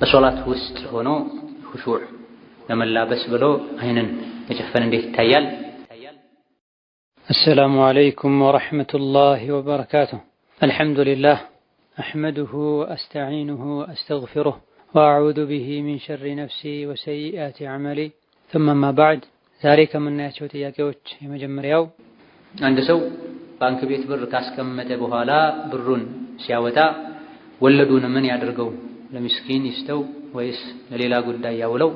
በሶላት ውስጥ ሆኖ ሁሹዕ ለመላበስ ብሎ አይንን መጨፈን እንዴት ይታያል? السلام عليكم ورحمة الله وبركاته الحمد لله أحمده وأستعينه وأستغفره وأعوذ به من شر نفسي وسيئات عملي ثم ما بعد ذلك من ناتشو تياكيوش يمجمريو عند سو بانك بيت بر كاسكمة لا برون سياوتا ولدون من يدرقون ለምስኪን ይስተው ወይስ ለሌላ ጉዳይ ያውለው?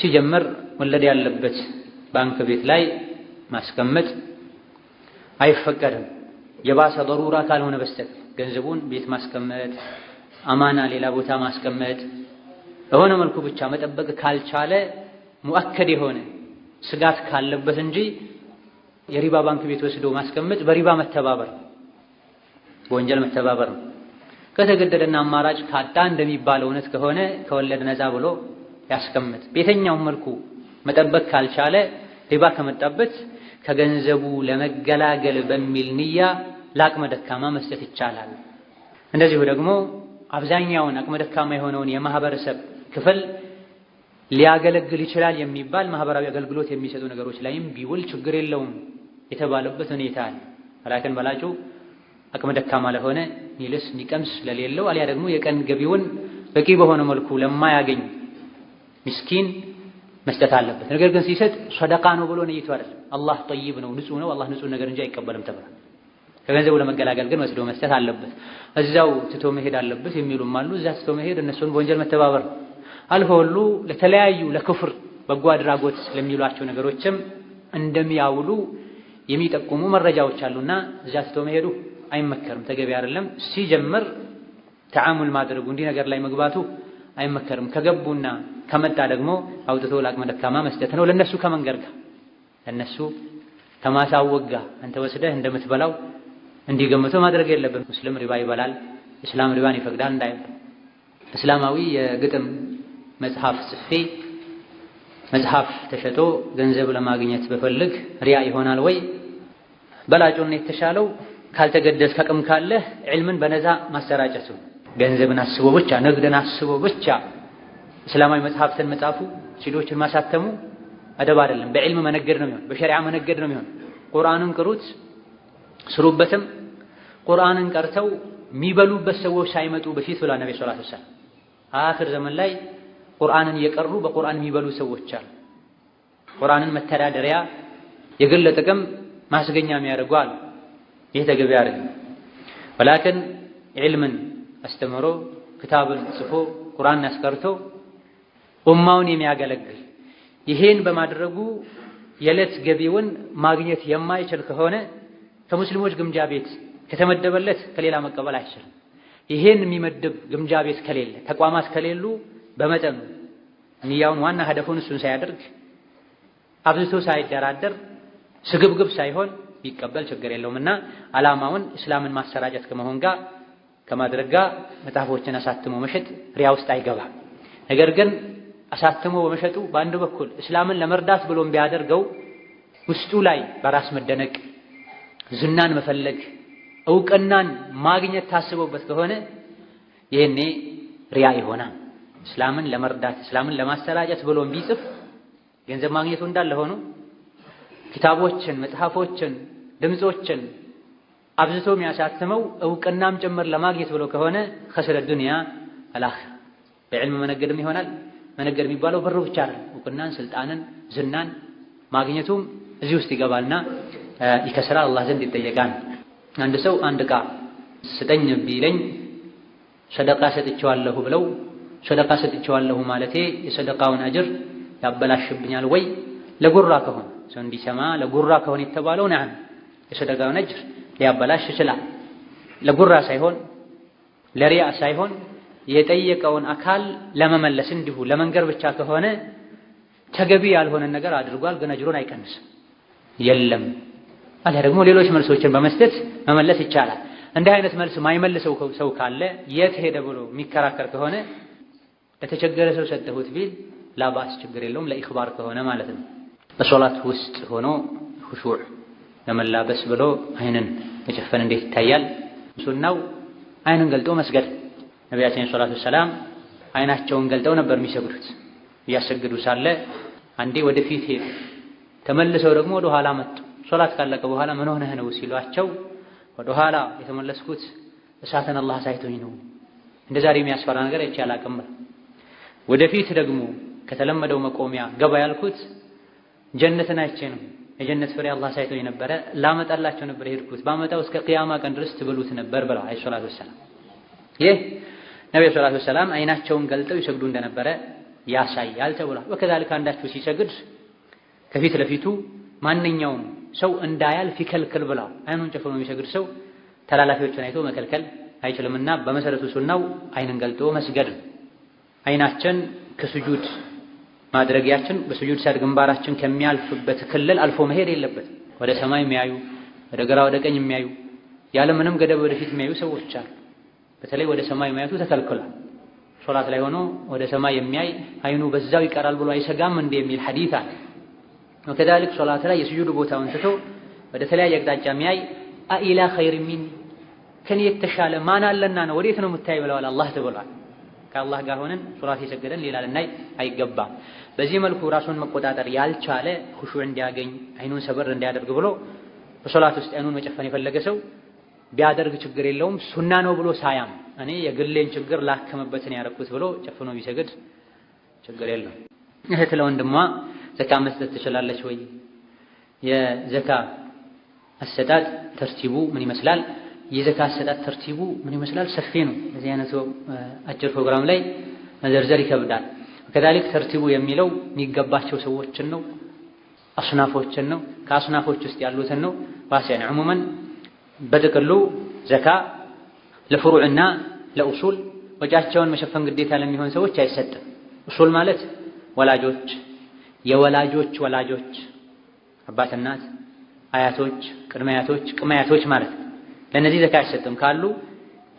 ሲጀምር ወለድ ያለበት ባንክ ቤት ላይ ማስቀመጥ አይፈቀድም። የባሰ ضرورة ካልሆነ በስተቀር ገንዘቡን ቤት ማስቀመጥ፣ አማና ሌላ ቦታ ማስቀመጥ፣ በሆነ መልኩ ብቻ መጠበቅ ካልቻለ ሙአከድ የሆነ ስጋት ካለበት እንጂ የሪባ ባንክ ቤት ወስዶ ማስቀመጥ በሪባ መተባበር በወንጀል መተባበር ነው። ከተገደደና አማራጭ ካጣ እንደሚባለው እውነት ከሆነ ከወለድ ነፃ ብሎ ያስቀምጥ። ቤተኛውም መልኩ መጠበቅ ካልቻለ ሪባ ከመጣበት ከገንዘቡ ለመገላገል በሚል ንያ ለአቅመ ደካማ መስጠት ይቻላል። እንደዚሁ ደግሞ አብዛኛውን አቅመ ደካማ የሆነውን የማህበረሰብ ክፍል ሊያገለግል ይችላል የሚባል ማህበራዊ አገልግሎት የሚሰጡ ነገሮች ላይም ቢውል ችግር የለውም የተባለበት ሁኔታ አለ። ላኪን በላጩ አቅመ ደካማ ለሆነ ሚልስ ሚቀምስ ለሌለው አሊያ ደግሞ የቀን ገቢውን በቂ በሆነ መልኩ ለማያገኝ ምስኪን መስጠት አለበት። ነገር ግን ሲሰጥ ሰደቃ ነው ብሎ ነይቶ አይደለም። አላህ ጠይብ ነው፣ ንጹህ ነው። አላህ ንጹህ ነገር እንጂ አይቀበልም ተብሏል። ከገንዘቡ ለመገላገል ግን ወስዶ መስጠት አለበት። እዛው ትቶ መሄድ አለበት የሚሉም አሉ። እዛ ትቶ መሄድ እነሱን በወንጀል መተባበር ነው። አልፎ ሁሉ ለተለያዩ ለክፍር በጎ አድራጎት ለሚሏቸው ነገሮችም እንደሚያውሉ የሚጠቁሙ መረጃዎች አሉና እዛ ትቶ መሄዱ አይመከርም፣ ተገቢ አይደለም። ሲጀምር ተዓሙል ማድረጉ እንዲህ ነገር ላይ መግባቱ አይመከርም። ከገቡና ከመጣ ደግሞ አውጥቶ ለአቅመ ደካማ መስጠት ነው። ለነሱ ከመንገር ጋር ለነሱ ከማሳወቅ ጋር አንተ ወስደህ እንደምትበላው እንዲገምተው ማድረግ የለብን። ሙስሊም ሪባ ይበላል፣ እስላም ሪባን ይፈቅዳል እንዳይል እስላማዊ የግጥም መጽሐፍ ጽፌ መጽሐፍ ተሸጦ ገንዘብ ለማግኘት በፈልግ ሪያ ይሆናል ወይ? በላጮን የተሻለው ካልተገደስ ከቅም ካለህ ዕልምን በነዛ ማሰራጨቱ ገንዘብን አስቦ ብቻ ንግድን አስቦ ብቻ እስላማዊ መጽሐፍትን መጻፉ ሲዶችን ማሳተሙ አደብ አይደለም። በዕልም መነገድ ነው የሚሆን፣ በሸሪዓ መነገድ ነው የሚሆን። ቁርአንን ቅሩት ስሩበትም። ቁርአንን ቀርተው የሚበሉበት ሰዎች ሳይመጡ በፊት ብሏል ነቢ ሰለላሁ ዐለይሂ አክር ዘመን ላይ ቁርአንን እየቀሩ በቁርአን የሚበሉ ሰዎች አሉ። ቁርአንን መተዳደሪያ የግል ጥቅም ማስገኛ የሚያደርጉ አሉ። ይህ ተገቢ አይደለም። ወላክን ዒልምን አስተምሮ ክታብን ጽፎ ቁርአን አስቀርቶ ኡማውን የሚያገለግል ይሄን በማድረጉ የዕለት ገቢውን ማግኘት የማይችል ከሆነ ከሙስሊሞች ግምጃ ቤት ከተመደበለት ከሌላ መቀበል አይችልም። ይሄን የሚመድብ ግምጃ ቤት ከሌለ ተቋማት ከሌሉ በመጠኑ ንያውን ዋና ሀደፉን እሱን ሳያደርግ አብዝቶ ሳይደራደር ስግብግብ ሳይሆን ቢቀበል ችግር የለውም እና አላማውን እስላምን ማሰራጨት ከመሆን ጋር ከማድረግ ጋር መጽሐፎችን አሳትሞ መሸጥ ሪያ ውስጥ አይገባም። ነገር ግን አሳትሞ በመሸጡ በአንድ በኩል እስላምን ለመርዳት ብሎም ቢያደርገው ውስጡ ላይ በራስ መደነቅ፣ ዝናን መፈለግ፣ እውቅናን ማግኘት ታስቦበት ከሆነ ይህኔ ሪያ ይሆናል። እስላምን ለመርዳት እስላምን ለማሰራጨት ብሎም ቢጽፍ ገንዘብ ማግኘቱ እንዳለ ሆኖ ኪታቦችን፣ መጽሐፎችን ድምፆችን አብዝቶ የሚያሳትመው እውቅናም ጭምር ለማግኘት ብሎ ከሆነ ከስረ ዱንያ አላህ በዕልም መነገድም ይሆናል። መነገድ የሚባለው ብሩ ብቻ አይደለም። እውቅናን፣ ስልጣንን፣ ዝናን ማግኘቱም እዚህ ውስጥ ይገባልና ይከስራል፣ አላህ ዘንድ ይጠየቃል። አንድ ሰው አንድ ዕቃ ስጠኝ ቢለኝ ሰደቃ ሰጥቼዋለሁ ብለው ሰደቃ ሰጥቼዋለሁ ማለቴ የሰደቃውን አጅር ያበላሽብኛል ወይ? ለጉራ ከሆነ ሰው እንዲሰማ ለጉራ ከሆነ የተባለው ነዓም የሰደጋው እጅር ሊያበላሽ ይችላል። ለጉራ ሳይሆን ለሪያ ሳይሆን የጠየቀውን አካል ለመመለስ እንዲሁ ለመንገር ብቻ ከሆነ ተገቢ ያልሆነን ነገር አድርጓል፣ ግን እጅሩን አይቀንስም። የለም አለ ደግሞ ሌሎች መልሶችን በመስጠት መመለስ ይቻላል። እንዲህ አይነት መልስ ማይመልሰው ሰው ካለ የት ሄደ ብሎ የሚከራከር ከሆነ ለተቸገረ ሰው ሰጠሁት ቢል ላባስ ችግር የለውም። ለኢኽባር ከሆነ ማለት ነው። በሶላት ውስጥ ሆኖ ሁሹዕ ለመላበስ ብሎ አይንን መጨፈን እንዴት ይታያል? ሱናው አይንን ገልጦ መስገድ። ነቢያችን ሰላቱ ሰላም አይናቸውን ገልጠው ነበር የሚሰግዱት። እያሰግዱ ሳለ አንዴ ወደፊት ሄዱ፣ ተመልሰው ደግሞ ወደ ኋላ መጡ። ሶላት ካለቀ በኋላ ምን ሆነህ ነው ሲሏቸው ወደ ኋላ የተመለስኩት እሳትን አላህ ሳይቶኝ ነው፣ እንደ ዛሬ የሚያስፈራ ነገር አይቼ አላቅም። ወደፊት ደግሞ ከተለመደው መቆሚያ ገባ ያልኩት ጀነትን አይቼ ነው የጀነት ፍሬ አላህ ሳይቶኝ ነበረ ላመጣላቸው ነበር የሄድኩት ባመጣው እስከ ቅያማ ቀን ድረስ ትብሉት ነበር ብለዋል። አይ ሰላቱ ወሰላም። ይህ ነብዩ ሰላቱ ወሰላም አይናቸውን ገልጠው ይሰግዱ እንደነበረ ያሳያል ተብሏል። ወከዛልክ አንዳችሁ ሲሰግድ ከፊት ለፊቱ ማንኛውም ሰው እንዳያል ይከልክል ብለው አይኑን ጨፍኖ የሚሰግድ ሰው ተላላፊዎችን አይቶ መከልከል አይችልምና በመሰረቱ ሱናው አይንን ገልጦ መስገድ አይናችን ከስጁድ ማድረጊያችን በሱጁድ ሰር ግንባራችን ከሚያልፍበት ክልል አልፎ መሄድ የለበትም። ወደ ሰማይ የሚያዩ ወደ ግራ ወደ ቀኝ የሚያዩ ምንም ገደብ ወደፊት የሚያዩ ሰዎች አሉ። በተለይ ወደ ሰማይ ማየቱ ተከልክሏል። ሶላት ላይ ሆኖ ወደ ሰማይ የሚያይ አይኑ በዛው ይቀራል ብሎ አይሰጋም እንደ የሚል ሐዲት አለ። ወከዛሊክ ሶላት ላይ የሱጁድ ቦታውን ትቶ ወደ ተለያየ አቅጣጫ የሚያይ አኢላ ኸይር ሚኒ ከኔ የተሻለ ማን አለና ነው ወዴት ነው የምታይ ብለዋል። አላህ ተብሏል። ከአላህ ጋር ሆነን ሶላት የሰገደን ሌላ ልናይ አይገባም። በዚህ መልኩ ራሱን መቆጣጠር ያልቻለ ሁሹ እንዲያገኝ አይኑን ሰበር እንዲያደርግ ብሎ በሶላት ውስጥ አይኑን መጨፈን የፈለገ ሰው ቢያደርግ ችግር የለውም። ሱና ነው ብሎ ሳያም እኔ የግሌን ችግር ላከመበትን ያረኩት ብሎ ጨፍኖ ቢሰግድ ችግር የለም። እህት ለወንድሟ ዘካ መስጠት ትችላለች ወይ? የዘካ አሰጣጥ ተርቲቡ ምን ይመስላል? የዘካ አሰጣጥ ተርቲቡ ምን ይመስላል? ሰፊ ነው። በዚህ አይነት አጭር ፕሮግራም ላይ መዘርዘር ይከብዳል። ከዛሊክ ተርቲቡ የሚለው የሚገባቸው ሰዎችን ነው፣ አስናፎችን ነው፣ ከአስናፎች ውስጥ ያሉትን ነው። ባሲያን ዕሙመን በጥቅሉ ዘካ ለፍሩዕና ለኡሱል ወጪያቸውን መሸፈን ግዴታ ለሚሆን ሰዎች አይሰጥም። ኡሱል ማለት ወላጆች፣ የወላጆች ወላጆች፣ አባት፣ እናት፣ አያቶች፣ ቅድማያቶች ቅማያቶች ማለት ለእነዚህ ዘካ አይሰጥም። ካሉ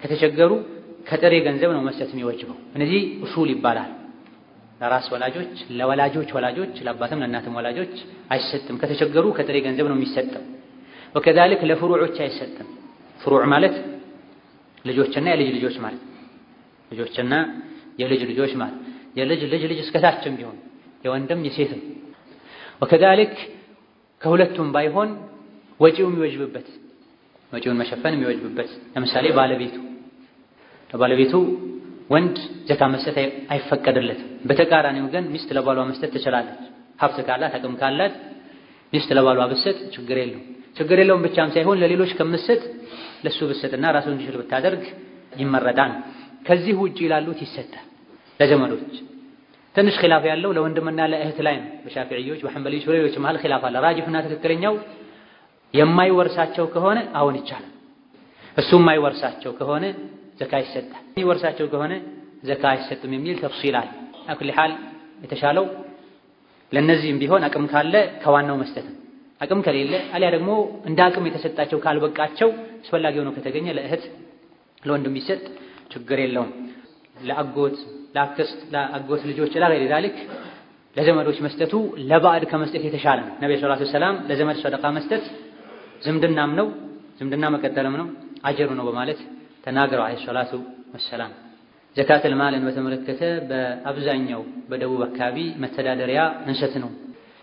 ከተቸገሩ ከጥሬ ገንዘብ ነው መስጠት የሚወጅበው። እነዚህ ኡሱል ይባላል። ለራስ ወላጆች፣ ለወላጆች ወላጆች፣ ለአባትም ለእናትም ወላጆች አይሰጥም። ከተቸገሩ ከጥሬ ገንዘብ ነው የሚሰጠው። ወከዛልክ ለፍሩዖች አይሰጥም። ፍሩዕ ማለት ልጆችና የልጅ ልጆች ማለት ልጆችና የልጅ ልጆች ማለት የልጅ ልጅ ልጅ እስከታችም ቢሆን የወንድም የሴትም። ወከዛልክ ከሁለቱም ባይሆን ወጪው የሚወጅብበት ወጪውን መሸፈን የሚወጅብበት ለምሳሌ ባለቤቱ ለባለቤቱ ወንድ ዘካ መስጠት አይፈቀድለትም። በተቃራኒው ግን ሚስት ለባሏ መስጠት ትችላለች። ሀብት ካላት አቅም ካላት ሚስት ለባሏ ብትሰጥ ችግር የለውም። ችግር የለውም ብቻም ሳይሆን ለሌሎች ከምትሰጥ ለሱ ብትሰጥና ራሱ እንዲችል ብታደርግ ይመረጣል። ከዚህ ውጪ ላሉት ይሰጣል፣ ለዘመዶች። ትንሽ ኺላፍ ያለው ለወንድምና ለእህት ላይ ነው። በሻፊዕዮች በሐንበሊዎች በሌሎች መሃል ኺላፍ አለ። ራጅሑና ትክክለኛው የማይወርሳቸው ከሆነ አሁን ይቻላል። እሱ የማይወርሳቸው ከሆነ ዘካ ይሰጣል። የሚወርሳቸው ከሆነ ዘካ አይሰጥም የሚል ተፍሲል አለ። አኩል ሐል የተሻለው ለነዚህም ቢሆን አቅም ካለ ከዋናው መስጠት ነው። አቅም ከሌለ አሊያ ደግሞ እንደ አቅም የተሰጣቸው ካልበቃቸው አስፈላጊ ሆኖ ከተገኘ ለእህት ለወንድም ቢሰጥ ችግር የለውም። ለአጎት ለአክስት፣ ለአጎት ልጆች ላገሬ ዛልክ ለዘመዶች መስጠቱ ለባዕድ ከመስጠት የተሻለ ነው። ነብዩ ሰለላሁ ዐለይሂ ወሰለም ለዘመድ ሰደቃ መስጠት ዝምድናም ነው ዝምድና መቀጠልም ነው አጀሩ ነው በማለት ተናግረው አለይሂ ሰላቱ ወሰላም። ዘካተል ማልን በተመለከተ በአብዛኛው በደቡብ አካባቢ መተዳደሪያ እንሰት ነው።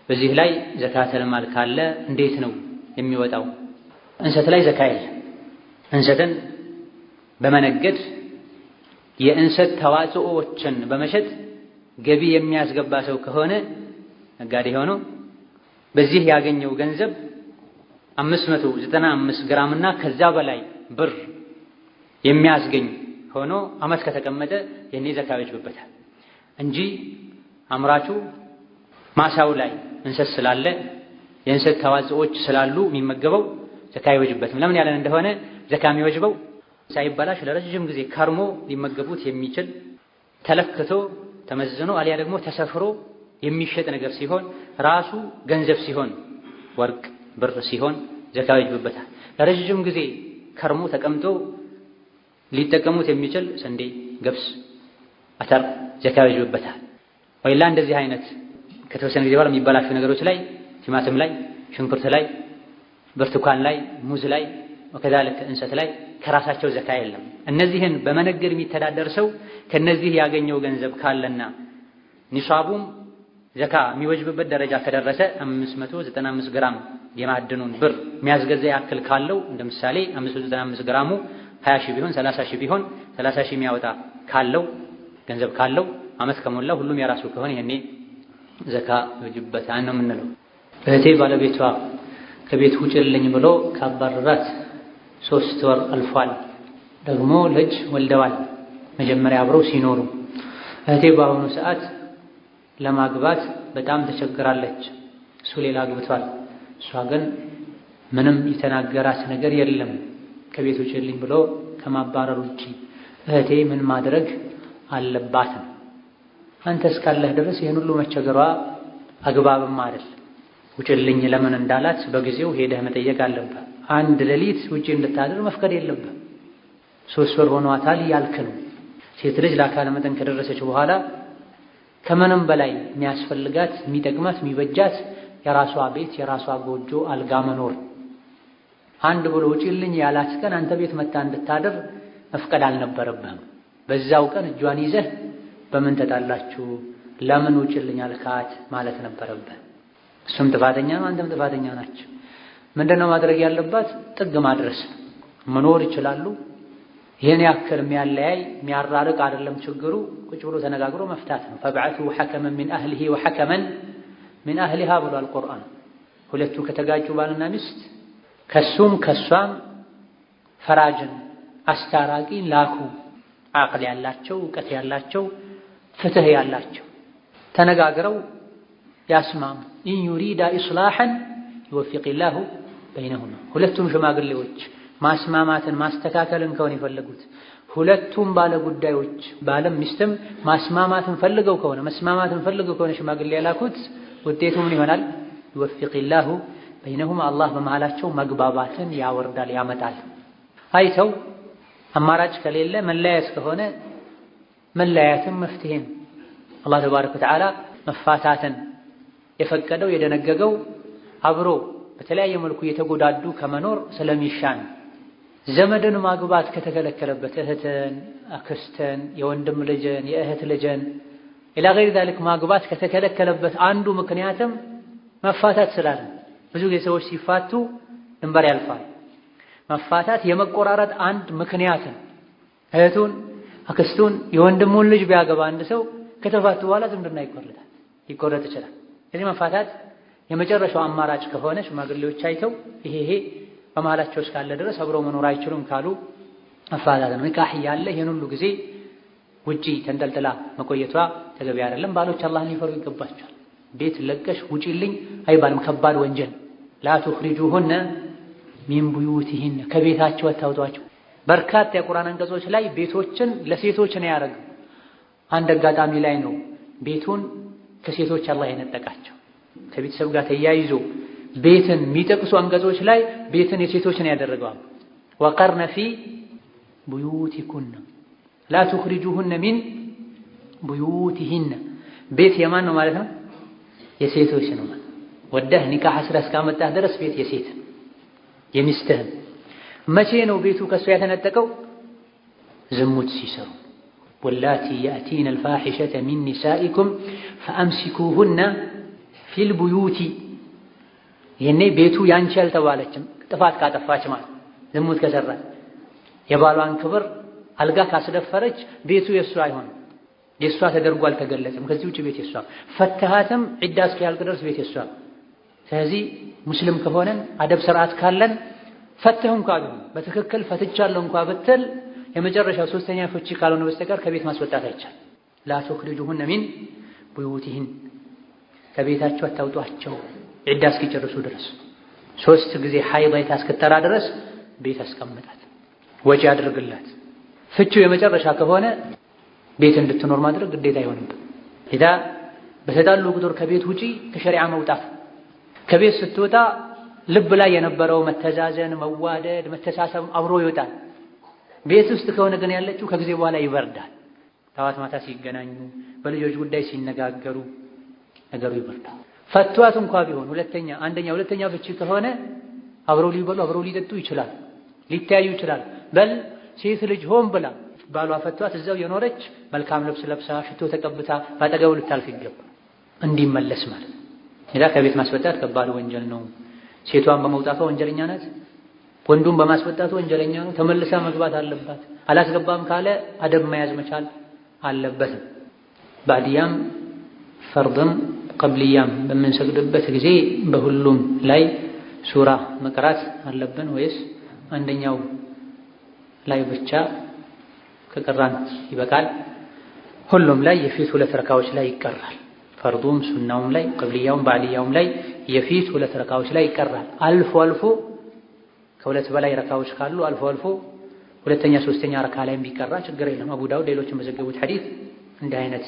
በዚህ ላይ ዘካተል ማል ካለ እንዴት ነው የሚወጣው? እንሰት ላይ ዘካ የለም። እንሰትን በመነገድ የእንሰት ተዋጽኦዎችን በመሸጥ ገቢ የሚያስገባ ሰው ከሆነ ነጋዴ ሆኖ በዚህ ያገኘው ገንዘብ 595 ግራምና ከዛ በላይ ብር የሚያስገኝ ሆኖ አመት ከተቀመጠ የኔ ዘካ ይወጅብበታል እንጂ አምራቹ ማሳው ላይ እንሰት ስላለ የእንሰት ተዋጽኦች ስላሉ የሚመገበው ዘካ አይወጅበትም። ለምን ያለን እንደሆነ ዘካ የሚወጅበው ሳይበላሽ ለረጅም ጊዜ ከርሞ ሊመገቡት የሚችል ተለክቶ ተመዝኖ አሊያ ደግሞ ተሰፍሮ የሚሸጥ ነገር ሲሆን ራሱ ገንዘብ ሲሆን ወርቅ፣ ብር ሲሆን ዘካ ይወጅብበታል። ለረጅም ጊዜ ከርሞ ተቀምጦ ሊጠቀሙት የሚችል ስንዴ፣ ገብስ፣ አተር ዘካ ይወጅብበታል። ወይላ እንደዚህ አይነት ከተወሰነ ጊዜ በኋላ የሚበላሹ ነገሮች ላይ ቲማቲም ላይ፣ ሽንኩርት ላይ፣ ብርቱካን ላይ፣ ሙዝ ላይ ወከዛልክ እንሰት ላይ ከራሳቸው ዘካ የለም። እነዚህን በመነገድ የሚተዳደር ሰው ከነዚህ ያገኘው ገንዘብ ካለና ኒሷቡም ዘካ የሚወጅብበት ደረጃ ከደረሰ 595 ግራም የማዕድኑን ብር የሚያስገዛ ያክል ካለው እንደ ምሳሌ 595 ግራሙ ሀያ ሺህ ቢሆን ሰላሳ ሺህ ቢሆን ሰላሳ ሺህ የሚያወጣ ካለው ገንዘብ ካለው አመት ከሞላ ሁሉም የራሱ ከሆነ ይሄኔ ዘካ ይወጅበታል ነው የምንለው። እህቴ ባለቤቷ ከቤት ውጭልኝ ብሎ ካባረራት ሶስት ወር አልፏል። ደግሞ ልጅ ወልደዋል። መጀመሪያ አብረው ሲኖሩ እህቴ በአሁኑ ሰዓት ለማግባት በጣም ተቸግራለች። እሱ ሌላ አግብቷል። እሷ ግን ምንም የተናገራት ነገር የለም። ከቤት ውጭልኝ ብሎ ከማባረር ውጪ እህቴ ምን ማድረግ አለባትም? አንተ እስካለህ ድረስ ይህን ሁሉ መቸገሯ አግባብም አይደል። ውጭልኝ ለምን እንዳላት በጊዜው ሄደህ መጠየቅ አለብህ። አንድ ሌሊት ውጪ እንድታድር መፍቀድ የለብህ። ሶስት ወር ሆኗታል ያልክ ነው። ሴት ልጅ ለአካለ መጠን ከደረሰች በኋላ ከምንም በላይ የሚያስፈልጋት የሚጠቅማት፣ የሚበጃት የራሷ ቤት የራሷ ጎጆ አልጋ መኖር አንድ ብሎ ውጪልኝ ያላት ቀን አንተ ቤት መታ እንድታደር መፍቀድ አልነበረብህም። በዛው ቀን እጇን ይዘህ በምን ተጣላችሁ ለምን ውጪልኝ አልካት ማለት ነበረብህ። እሱም ጥፋተኛ ነው፣ አንተም ጥፋተኛ ናቸው። ምንድነው ማድረግ ያለባት? ጥግ ማድረስ። መኖር ይችላሉ። ይህን ያክል የሚያለያይ የሚያራርቅ አይደለም ችግሩ። ቁጭ ብሎ ተነጋግሮ መፍታት ነው። ፈብዐቱ ሐከመን ሚን አህሊሂ ወሐከመን ሚን አህሊሃ ብሏል ቁርአን። ሁለቱ ከተጋጩ ባልና ሚስት ከሱም ከሷም ፈራጅን አስታራቂን ላኩ። አቅል ያላቸው እውቀት ያላቸው ፍትህ ያላቸው ተነጋግረው ያስማሙ። ኢን ዩሪዳ ኢስላሐን ይወፊቅላሁ በይነሁማ። ሁለቱም ሽማግሌዎች ማስማማትን ማስተካከልን ከሆነ የፈለጉት ሁለቱም ባለ ጉዳዮች ባለም ሚስትም ማስማማትን ፈልገው ከሆነ መስማማትን ፈልገው ከሆነ ሽማግሌ ያላኩት ውጤቱ ምን ይሆናል? ይወፊቅላሁ በይነሁም አላህ በመሃላቸው መግባባትን ያወርዳል ያመጣል። አይ ሰው አማራጭ ከሌለ መለያየት ከሆነ መለያየትም መፍትሄ ነው። አላህ ተባረከ ወተዓላ መፋታትን የፈቀደው የደነገገው አብሮ በተለያየ መልኩ እየተጎዳዱ ከመኖር ስለሚሻን ዘመድን ማግባት ከተከለከለበት እህትን፣ አክስትን፣ የወንድም ልጅን፣ የእህት ልጅን ኢላ ገይር ዛሊክ ማግባት ከተከለከለበት አንዱ ምክንያትም መፋታት ስላለ ብዙ ጊዜ ሰዎች ሲፋቱ ድንበር ያልፋል። መፋታት የመቆራረጥ አንድ ምክንያት ነው። እህቱን፣ አክስቱን፣ የወንድሙን ልጅ ቢያገባ አንድ ሰው ከተፋቱ በኋላ ዝምድና ይቆረጣል ይቆረጥ ይችላል። ስለዚህ መፋታት የመጨረሻው አማራጭ ከሆነ ሽማግሌዎች አይተው ይሄ ይሄ በመሃላቸው እስካለ ድረስ አብሮ መኖር አይችሉም ካሉ መፋታት ነው። ኒካህ እያለ ይሄን ሁሉ ጊዜ ውጪ ተንጠልጥላ መቆየቷ ተገቢ አይደለም። ባሎች አላህን ሊፈሩ ይገባቸዋል። ቤት ለቀሽ ውጪልኝ አይባልም። ከባድ ወንጀል ላ ሚን ቡዩቲሂን ከቤታቸው አታውጧቸው። በርካታ የቁርአን አንቀጾች ላይ ቤቶችን ለሴቶች ነው ያደረገው። አንድ አጋጣሚ ላይ ነው ቤቱን ከሴቶች አላህ የነጠቃቸው። ከቤተሰብ ጋር ተያይዞ ቤትን የሚጠቅሱ አንቀጾች ላይ ቤትን የሴቶች ነው ያደረገዋል። ወቀርነ ፊ ቡዩቲኩነ ላ ሚን ቡዩቲሂን ቤት የማን ነው ማለት ነው? የሴቶች ነው። ወደህ ኒካህ ስራ እስካመጣህ ድረስ ቤት የሴት የሚስትህም። መቼ ነው ቤቱ ከእሷ የተነጠቀው? ዝሙት ሲሰሩ ወላቲ ያእቲነ አልፋሒሸተ ሚን ኒሳኢኩም ፈአምሲኩሁና ፊል ቡዩቲ። ይህኔ ቤቱ ያንቺ አልተባለችም፣ ጥፋት ካጠፋች ማለት ዝሙት ከሰራች የባሏን ክብር አልጋ ካስደፈረች ቤቱ የእሷ አይሆንም። የእሷ ተደርጎ አልተገለጽም። ከዚህ ውጭ ቤት የሷ ፈተሃትም ዒዳ እስኪያልቅ ድረስ ቤት የሷ ስለዚህ ሙስሊም ከሆነን አደብ ስርዓት ካለን ፈትህ እንኳ በትክክል ፈትቻለሁ እንኳ ብትል የመጨረሻ ሶስተኛ ፍቺ ካልሆነ በስተቀር ከቤት ማስወጣት አይቻል። ላቱክሪጁሁነ ሚን ቡዩቲሂን ከቤታቸው አታውጧቸው ዒዳ እስኪጨርሱ ድረስ ሶስት ጊዜ ሐይድ አይታ እስክትጠራ ድረስ ቤት አስቀምጣት፣ ወጪ አድርግላት። ፍቺው የመጨረሻ ከሆነ ቤት እንድትኖር ማድረግ ግዴታ አይሆንም። ኢዳ በተጣሉ ቁጥር ከቤት ውጪ ከሸሪዓ መውጣት ከቤት ስትወጣ ልብ ላይ የነበረው መተዛዘን፣ መዋደድ፣ መተሳሰብ አብሮ ይወጣል። ቤት ውስጥ ከሆነ ግን ያለችው ከጊዜ በኋላ ይበርዳል። ጠዋት ማታ ሲገናኙ፣ በልጆች ጉዳይ ሲነጋገሩ ነገሩ ይበርዳል። ፈቷት እንኳ ቢሆን ሁለተኛ አንደኛ ሁለተኛ ፍቺ ከሆነ አብረው ሊበሉ አብረው ሊጠጡ ይችላል፣ ሊተያዩ ይችላል። በል ሴት ልጅ ሆን ብላ ባሏ ፈቷት እዛው የኖረች መልካም ልብስ ለብሳ ሽቶ ተቀብታ ባጠገቡ ልታልፍ ይገባ እንዲመለስ ማለት ሌላ ከቤት ማስወጣት ከባድ ወንጀል ነው። ሴቷን በመውጣቷ ወንጀለኛ ናት። ወንዱን በማስወጣቱ ወንጀለኛ ነው። ተመልሳ መግባት አለባት። አላስገባም ካለ አደብ መያዝ መቻል አለበትም። ባዕድያም ፈርድም ቀብልያም በምንሰግድበት ጊዜ በሁሉም ላይ ሱራ መቅራት አለብን ወይስ አንደኛው ላይ ብቻ ከቀራን ይበቃል? ሁሉም ላይ የፊት ሁለት ረካዎች ላይ ይቀራል። ፈርዱም ሱናውም ላይ ቅብልያውም ባልያውም ላይ የፊት ሁለት ረካዎች ላይ ይቀራል። አልፎ አልፎ ከሁለት በላይ ረካዎች ካሉ አልፎ አልፎ ሁለተኛ ሶስተኛ ረካ ላይ ቢቀራ ችግር የለም። አቡ ዳውድ ሌሎችን በዘገቡት ሐዲስ እንዲህ አይነት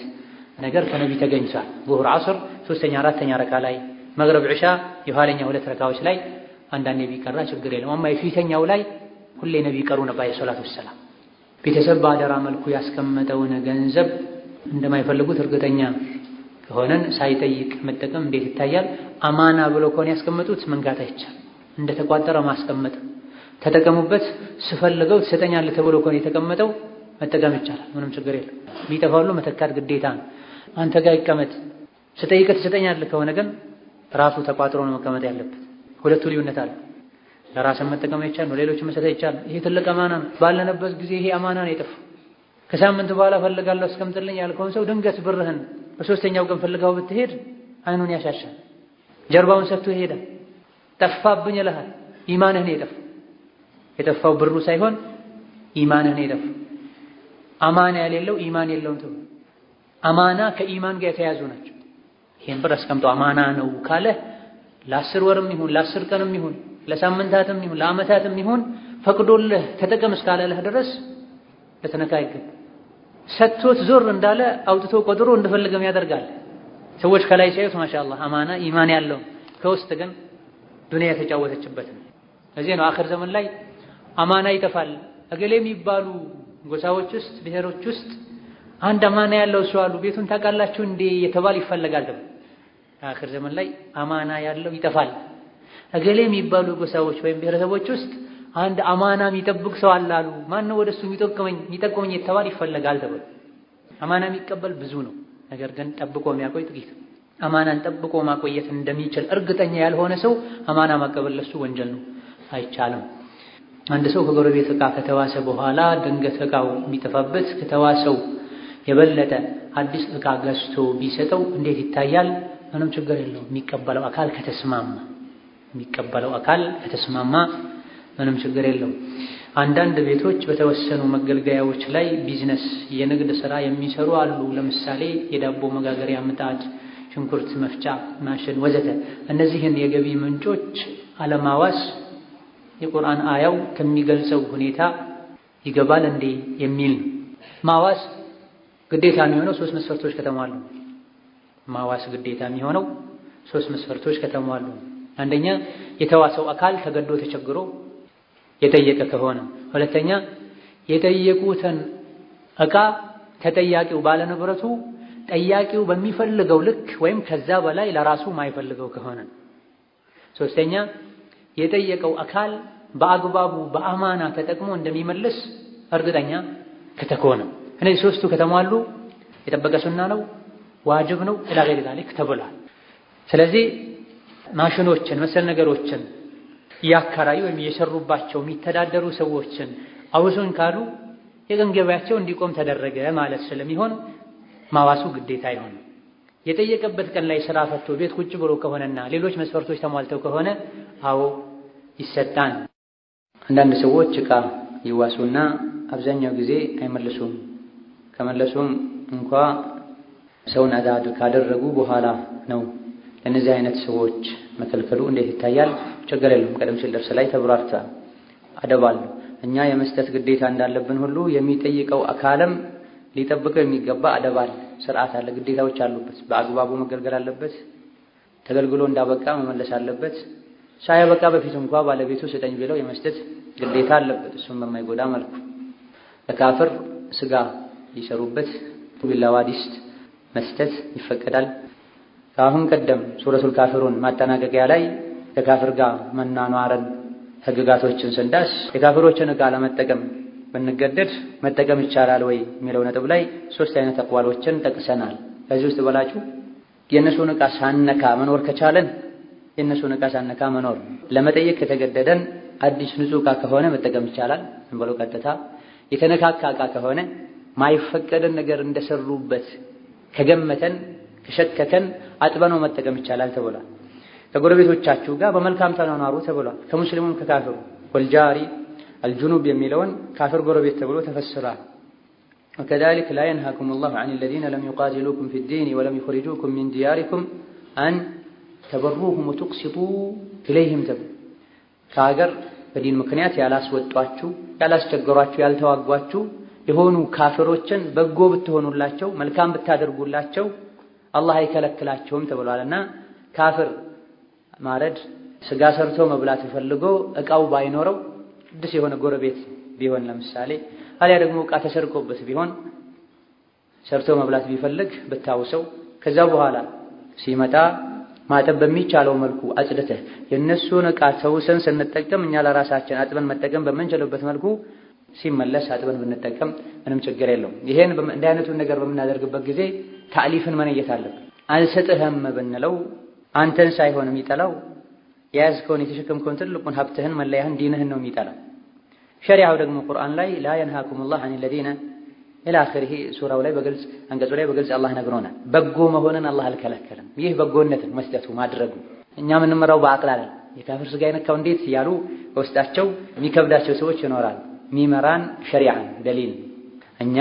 ነገር ከነቢ ተገኝቷል። ዙሁር፣ ዓስር ሶስተኛ አራተኛ ረካ ላይ፣ መግረብ፣ ዕሻ የኋለኛ ሁለት ረካዎች ላይ አንዳንዴ ቢቀራ ችግር የለም። አማ የፊተኛው ላይ ሁሌ ነቢ ይቀሩ ነበር ሰላቱ ወሰላም። ቤተሰብ በአደራ መልኩ ያስቀመጠውን ገንዘብ እንደማይፈልጉት እርግጠኛ የሆነን ሳይጠይቅ መጠቀም እንዴት ይታያል? አማና ብሎ ከሆነ ያስቀመጡት መንካት አይቻል፣ እንደ ተቋጠረ ማስቀመጥ። ተጠቀሙበት ስፈልገው ትሰጠኛለህ ተብሎ ከሆነ የተቀመጠው መጠቀም ይቻላል፣ ምንም ችግር የለም። የሚጠፋው መተካት ግዴታ ነው። አንተ ጋር ይቀመጥ ስጠይቅህ ትሰጠኛለህ ከሆነ ግን ራሱ ተቋጥሮ ነው መቀመጥ ያለበት። ሁለቱ ልዩነት አለ። ለራስን መጠቀም አይቻል ነው፣ ሌሎችን መስጠት አይቻል። ይሄ ትልቅ አማና ነው። ባለንበት ጊዜ ይሄ አማና ነው የጠፋው። ከሳምንት በኋላ ፈልጋለሁ አስቀምጥልኝ ያልከውን ሰው ድንገት ብርህን በሶስተኛው ቀን ፈልጋው ብትሄድ አይኑን ያሻሻል፣ ጀርባውን ሰጥቶ ይሄዳል። ጠፋብኝ ይልሃል። ኢማንህን የጠፋ የጠፋው ብሩ ሳይሆን ኢማንህ ነው የጠፋ አማና የሌለው ኢማን የለውም ተብሎ አማና ከኢማን ጋር የተያዙ ናቸው። ይሄን ብር አስቀምጦ አማና ነው ካለ ለአስር ወርም ይሁን ለአስር ቀንም ይሁን ለሳምንታትም ይሁን ለአመታትም ይሁን ፈቅዶልህ ተጠቀም እስካላለህ ድረስ ልትነካ አይገባም። ሰጥቶት ዞር እንዳለ አውጥቶ ቆጥሮ እንደፈለገም ያደርጋል። ሰዎች ከላይ ሲያዩት ማሻአላህ አማና ኢማን ያለው ከውስጥ ግን ዱንያ የተጫወተችበት ነው። ለዚህ ነው አኽር ዘመን ላይ አማና ይጠፋል። እገሌ የሚባሉ ጎሳዎች ውስጥ ብሔሮች ውስጥ አንድ አማና ያለው ሰው አሉ። ቤቱን ታውቃላችሁ እንዴ የተባል ይፈለጋል። ደግሞ ዘመን ላይ አማና ያለው ይጠፋል። እገሌ የሚባሉ ጎሳዎች ወይም ብሔረሰቦች ውስጥ አንድ አማና የሚጠብቅ ሰው አለ አሉ። ማን ነው ወደሱ የሚጠቁመኝ የተባል ይፈለጋል ተብሎ። አማና የሚቀበል ብዙ ነው፣ ነገር ግን ጠብቆ የሚያቆይ ጥቂት። አማናን ጠብቆ ማቆየት እንደሚችል እርግጠኛ ያልሆነ ሰው አማና ማቀበል ለሱ ወንጀል ነው፣ አይቻልም። አንድ ሰው ከጎረቤት እቃ ከተዋሰ በኋላ ድንገት እቃው የሚጠፋበት ከተዋሰው የበለጠ አዲስ እቃ ገዝቶ ቢሰጠው እንዴት ይታያል? ምንም ችግር የለውም። የሚቀበለው አካል ከተስማማ የሚቀበለው አካል ከተስማማ ምንም ችግር የለው አንዳንድ ቤቶች በተወሰኑ መገልገያዎች ላይ ቢዝነስ የንግድ ስራ የሚሰሩ አሉ። ለምሳሌ የዳቦ መጋገሪያ ምጣድ፣ ሽንኩርት መፍጫ ማሽን ወዘተ። እነዚህን የገቢ ምንጮች አለማዋስ የቁርአን አያው ከሚገልጸው ሁኔታ ይገባል እንዴ የሚል ነው። ማዋስ ግዴታ የሚሆነው ሶስት መስፈርቶች ከተሟሉ። ማዋስ ግዴታ የሚሆነው ሶስት መስፈርቶች ከተሟሉ። አንደኛ የተዋሰው አካል ተገዶ ተቸግሮ የጠየቀ ከሆነ ሁለተኛ የጠየቁትን እቃ ተጠያቂው ባለንብረቱ ጠያቂው በሚፈልገው ልክ ወይም ከዛ በላይ ለራሱ ማይፈልገው ከሆነ ሶስተኛ የጠየቀው አካል በአግባቡ በአማና ተጠቅሞ እንደሚመልስ እርግጠኛ ከተኮነ እነዚህ ሶስቱ ከተሟሉ የጠበቀ ሱና ነው፣ ዋጅብ ነው፣ ኢላ ገይሪ ዛሊክ ተብሏል። ስለዚህ ማሽኖችን መሰል ነገሮችን እያከራዩ ወይም እየሰሩባቸው የሚተዳደሩ ሰዎችን አውሱን ካሉ የቀን ገበያቸው እንዲቆም ተደረገ ማለት ስለሚሆን ማዋሱ ግዴታ አይሆንም። የጠየቀበት ቀን ላይ ስራ ፈቶ ቤት ቁጭ ብሎ ከሆነና ሌሎች መስፈርቶች ተሟልተው ከሆነ አዎ ይሰጣል። አንዳንድ ሰዎች እቃ ይዋሱና አብዛኛው ጊዜ አይመልሱም። ከመለሱም እንኳ ሰውን አዳድ ካደረጉ በኋላ ነው። ለእነዚህ አይነት ሰዎች መከልከሉ እንዴት ይታያል? ችግር የለም። ቀደም ሲል ደርስ ላይ ተብራርታ አደባል እኛ የመስጠት ግዴታ እንዳለብን ሁሉ የሚጠይቀው አካልም ሊጠብቀው የሚገባ አደባል ስርዓት አለ፣ ግዴታዎች አሉበት። በአግባቡ መገልገል አለበት። ተገልግሎ እንዳበቃ መመለስ አለበት። ሳያበቃ በፊት እንኳ ባለቤቱ ስጠኝ ቢለው የመስጠት ግዴታ አለበት። እሱም በማይጎዳ መልኩ ለካፍር ስጋ ይሰሩበት ቢላዋዲስት መስጠት ይፈቀዳል። ከአሁን ቀደም ሱረቱል ካፍሩን ማጠናቀቂያ ላይ ከካፍር ጋር መናኗርን ህግጋቶችን ስንዳስ የካፍሮችን ዕቃ ለመጠቀም ብንገደድ መጠቀም ይቻላል ወይ የሚለው ነጥብ ላይ ሶስት አይነት አቋሎችን ጠቅሰናል። ከዚህ ውስጥ በላጩ የእነሱን ዕቃ ሳነካ መኖር ከቻለን የእነሱን ዕቃ ሳነካ መኖር፣ ለመጠየቅ ከተገደደን አዲስ ንጹህ ዕቃ ከሆነ መጠቀም ይቻላል ብሎ ቀጥታ የተነካካ ዕቃ ከሆነ ማይፈቀደን ነገር እንደሰሩበት ከገመተን ከሸከከን አጥበነው መጠቀም ይቻላል ተብሏል። ከጎረቤቶቻችሁ ጋር በመልካም ተኗኗሩ ተብሏል። ከሙስሊሙም ከካፍሩ ወልጃሪ አልጁኑብ የሚለውን ካፍር ጎረቤት ተብሎ ተፈስሯል። ወከዛሊክ ላ የንሃኩም ላሁ አን ለዚነ ለም ዩቃቲሉኩም ፊ ዲን ወለም ዩኽሪጁኩም ሚን ዲያሪኩም አን ተበሩሁም ወቱቅሲጡ ኢለይህም ተብሎ ከሀገር በዲን ምክንያት ያላስወጧችሁ፣ ያላስቸገሯችሁ፣ ያልተዋጓችሁ የሆኑ ካፍሮችን በጎ ብትሆኑላቸው፣ መልካም ብታደርጉላቸው አላህ አይከለክላቸውም ተብሏልና ካፍር ማረድ ስጋ ሰርቶ መብላት ፈልጎ እቃው ባይኖረው ቅዱስ የሆነ ጎረቤት ቢሆን ለምሳሌ አሊያ ደግሞ እቃ ተሰርቆበት ቢሆን ሰርቶ መብላት ቢፈልግ ብታውሰው ከዛ በኋላ ሲመጣ ማጠብ በሚቻለው መልኩ አጽድተህ የእነሱን እቃ ተውሰን ስንጠቀም እኛ ለራሳችን አጥበን መጠቀም በምንችልበት መልኩ ሲመለስ አጥበን ብንጠቀም ምንም ችግር የለውም። ይሄን እንዲህ አይነቱን ነገር በምናደርግበት ጊዜ ታዕሊፍን መነየት አለብን። አልሰጥህም ብንለው አንተን ሳይሆን የሚጠላው የያዝከውን የተሸከምከውን ትልቁን ሀብትህን መለያህን ዲንህን ነው የሚጠላው። ሸሪዓው ደግሞ ቁርአን ላይ ላ የንሃኩሙላህ አን ለዚነ ኢላ አኺሪሂ ሱራው ላይ በግልጽ አንቀጹ ላይ በግልጽ አላህ ነግሮናል። በጎ መሆንን አላህ አልከለከለም። ይህ በጎነት መስጠቱ ማድረጉ እኛ የምንመራው አለ የካፍር ስጋ የነካው እንዴት እያሉ በውስጣቸው የሚከብዳቸው ሰዎች ይኖራል። የሚመራን ሸሪዓን ደሊል እኛ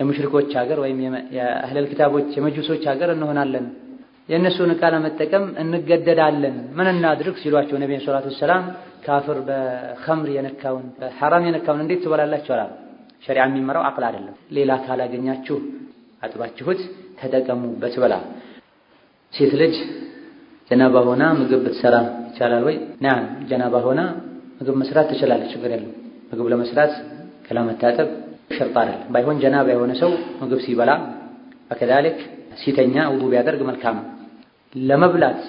የሙሽሪኮች ሀገር ወይም የአህለል ክታቦች የመጁሶች ሀገር እንሆናለን የእነሱን ዕቃ ለመጠቀም እንገደዳለን ምን እናድርግ ሲሏቸው ነቢዩ ሰላቱ ወሰላም ካፍር በኸምር የነካውን በሐራም የነካውን እንዴት ትበላላችሁ አላሉ። ሸሪዓ የሚመራው አቅል አይደለም። ሌላ ካላገኛችሁ አጥባችሁት ተጠቀሙበት ብላ። ሴት ልጅ ጀናባ ሆና ምግብ ብትሰራ ይቻላል ወይ? ና ጀናባ ሆና ምግብ መስራት ትችላለች። ችግር የለም። ምግብ ለመስራት ገላ ሸርጥ አይደለም። ባይሆን ጀናባ የሆነ ሰው ምግብ ሲበላ ከዛሊክ ሲተኛ ውዱ ቢያደርግ መልካም። ለመብላት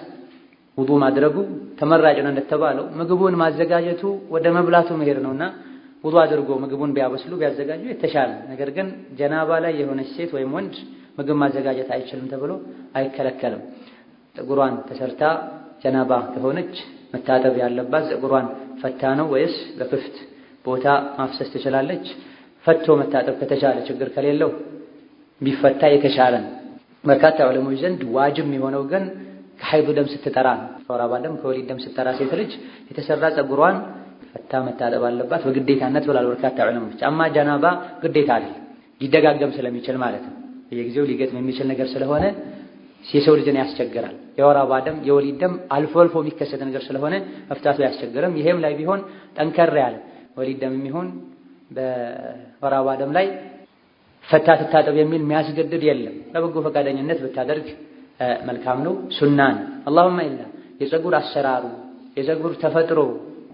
ውዱ ማድረጉ ተመራጭ ነው እንደተባለው ምግቡን ማዘጋጀቱ ወደ መብላቱ መሄድ ነውና ውዱ አድርጎ ምግቡን ቢያበስሉ ቢያዘጋጁ የተሻለ። ነገር ግን ጀናባ ላይ የሆነች ሴት ወይም ወንድ ምግብ ማዘጋጀት አይችልም ተብሎ አይከለከልም። ጥቁሯን ተሰርታ ጀናባ ከሆነች መታጠብ ያለባት ጥቁሯን ፈታ ነው ወይስ በክፍት ቦታ ማፍሰስ ትችላለች? ፈቶ መታጠብ ከተቻለ ችግር ከሌለው ቢፈታ የተሻለ ነው። በርካታ ዑለሞች ዘንድ ዋጅብ የሆነው ግን ከሐይዱ ደም ስትጠራ ነው። ከወር ደም ከወሊድ ደም ስትጠራ ሴት ልጅ የተሰራ ፀጉሯን ፈታ መታጠብ አለባት በግዴታነት ብላል በርካታ ዑለሞች። አማ ጀናባ ግዴታ አይደል ሊደጋገም ስለሚችል ማለት ነው። በየጊዜው ሊገጥም የሚችል ነገር ስለሆነ የሰው ልጅን ያስቸግራል። የወራባ ደም የወሊድ ደም አልፎ አልፎ የሚከሰት ነገር ስለሆነ መፍታቱ አያስቸግርም። ይሄም ላይ ቢሆን ጠንከር ያለ ወሊድ ደም የሚሆን በወራባ ደም ላይ ፈታ ትታጠብ የሚል የሚያስገድድ የለም። በበጎ ፈቃደኝነት ብታደርግ መልካም ነው፣ ሱና ነው። አላሁማ ኢላ የፀጉር አሰራሩ የፀጉር ተፈጥሮ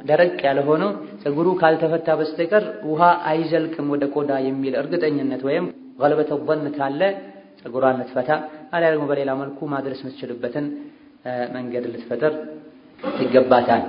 ደረቅ ያለ ሆኖ ፀጉሩ ካልተፈታ በስተቀር ውሃ አይዘልቅም ወደ ቆዳ የሚል እርግጠኝነት ወይም ገለበተ ظን ካለ ፀጉሯን ልትፈታ አሊያ ደግሞ በሌላ መልኩ ማድረስ የምትችልበትን መንገድ ልትፈጥር ይገባታል።